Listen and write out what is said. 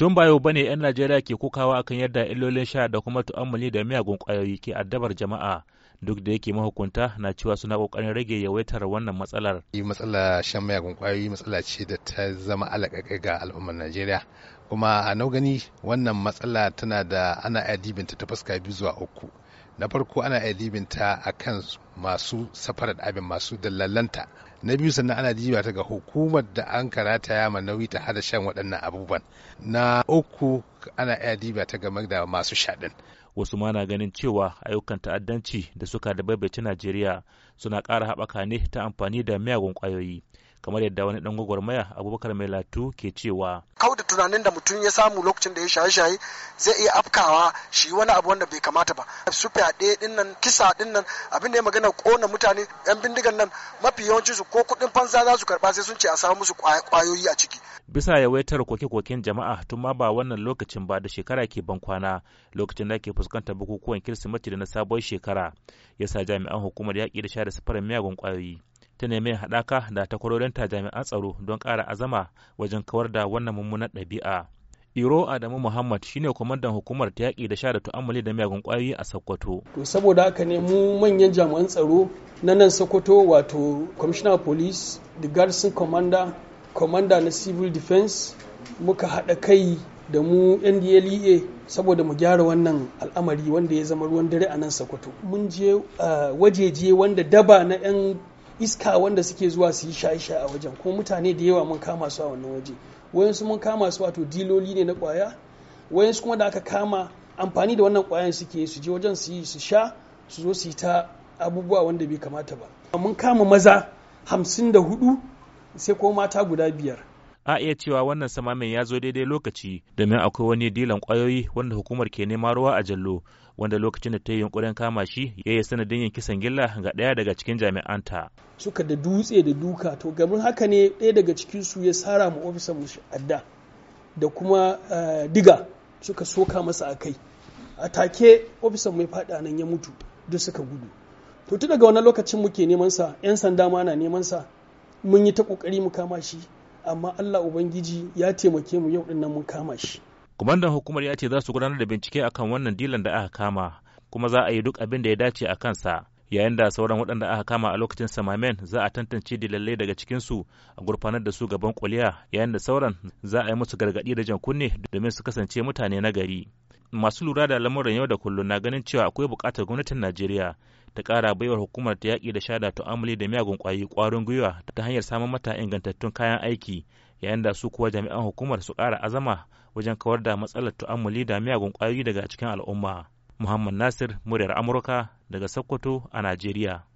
Tun ba yau ba ne 'yan Najeriya ke kokawa akan yadda illolin sha da kuma tu'ammali da miyagun kwayoyi ke addabar jama'a duk da yake mahukunta na cewa suna kokarin rage yawaitar wannan matsalar. Matsala shan miyagun ƙwayoyi matsala ce da ta zama alaƙaƙai ga al'ummar Najeriya. Kuma a nau gani wannan matsala tana da ana iya dibinta ta fuska biyu zuwa uku. na farko ana iya dibinta a kan masu safarar abin masu dallalanta na biyu sannan ana diba ta ga hukumar da an karata ya nauyi ta hada shan waɗannan abubuwan na uku ana iya diba ta game da masu shaɗin wasu ma na ganin cewa ayyukan ta'addanci da suka da baibaci najeriya suna ƙara haɓaka ne ta amfani da miyagun ƙwayoyi kamar yadda wani dan gwagwarmaya abubakar mai latu ke cewa kau da tunanin da mutum ya samu lokacin da ya shaye-shaye zai iya afkawa shi wani abu wanda bai kamata ba su fyaɗe din nan kisa din nan abin da ya magana kona mutane yan bindigan nan mafi yawancin su ko kuɗin fansa za su karɓa sai sun ce a samu musu kwayoyi a ciki bisa yawaitar koke-koken jama'a tun ma ba wannan lokacin ba da shekara ke ban kwana lokacin da ke fuskantar bukukuwan kirsimati da na sabon shekara yasa jami'an hukumar yaƙi da share sifarin safarin miyagun kwayoyi ta nemi haɗaka da takwarorinta jami'an tsaro don ƙara azama wajen kawar da wannan mummunan ɗabi'a. Iro Adamu Muhammad shine kwamandan hukumar ta yaƙi da sha da tu'ammali da miyagun ƙwayoyi a Sokoto. To saboda haka ne mu manyan jami'an tsaro na nan Sokoto wato Commissioner Police, the Garrison Commander, Commander na Civil Defense muka haɗa kai da mu NDLEA saboda mu gyara wannan al'amari wanda ya zama ruwan dare a nan Sokoto. Mun je ah, wajeje wanda daba na 'yan iska wanda suke zuwa su yi shaye-shaye a wajen kuma mutane da yawa mun kama su a wannan waje wayansu mun kama su wato diloli ne na kwaya wayansu kuma da aka kama amfani da wannan kwayan suke su je wajen su yi su sha su zo su yi ta abubuwa wanda bai kamata ba mun kama maza hamsin da hudu sai kuma mata guda biyar a iya cewa wannan samamin ya zo daidai lokaci domin akwai wani dilan kwayoyi wanda hukumar ke nema ruwa a jallo wanda lokacin da ta yi yunkurin kama shi ya yi sanadin yin kisan gilla ga ɗaya daga cikin jami'anta. suka da dutse da duka to gamin haka ne ɗaya daga cikin su ya sara ma ofisa adda da kuma eh, diga suka soka masa a kai a take ofisan mai faɗa nan ya mutu duk suka gudu to tun daga wani lokacin muke neman sa 'yan sanda ma na neman sa mun yi ta kokari mu kama shi amma Allah Ubangiji ya taimake mu yau dinnan mun kama shi. Kwamandan hukumar ya ce za su gudanar da bincike akan wannan dilan da aka kama kuma za a yi duk abin da ya dace a kansa yayin da sauran waɗanda aka kama a lokacin samamen za a tantance dilallai daga cikinsu a gurfanar da su gaban kuliya yayin da sauran za a yi musu gargaɗi da jan kunne domin su kasance mutane na gari. masu lura da lamuran yau da kullum na ganin cewa akwai buƙatar gwamnatin najeriya ta ƙara baiwar hukumar ta yaƙi da shada tu'amuli da miyagun ƙwayoyi ƙwarin gwiwa ta hanyar samun mata ingantattun kayan aiki yayin da su kuwa jami'an hukumar su ƙara azama wajen kawar da matsalar tu'amuli da miyagun ƙwayoyi daga cikin al'umma muhammad nasir muryar amurka daga sokoto a najeriya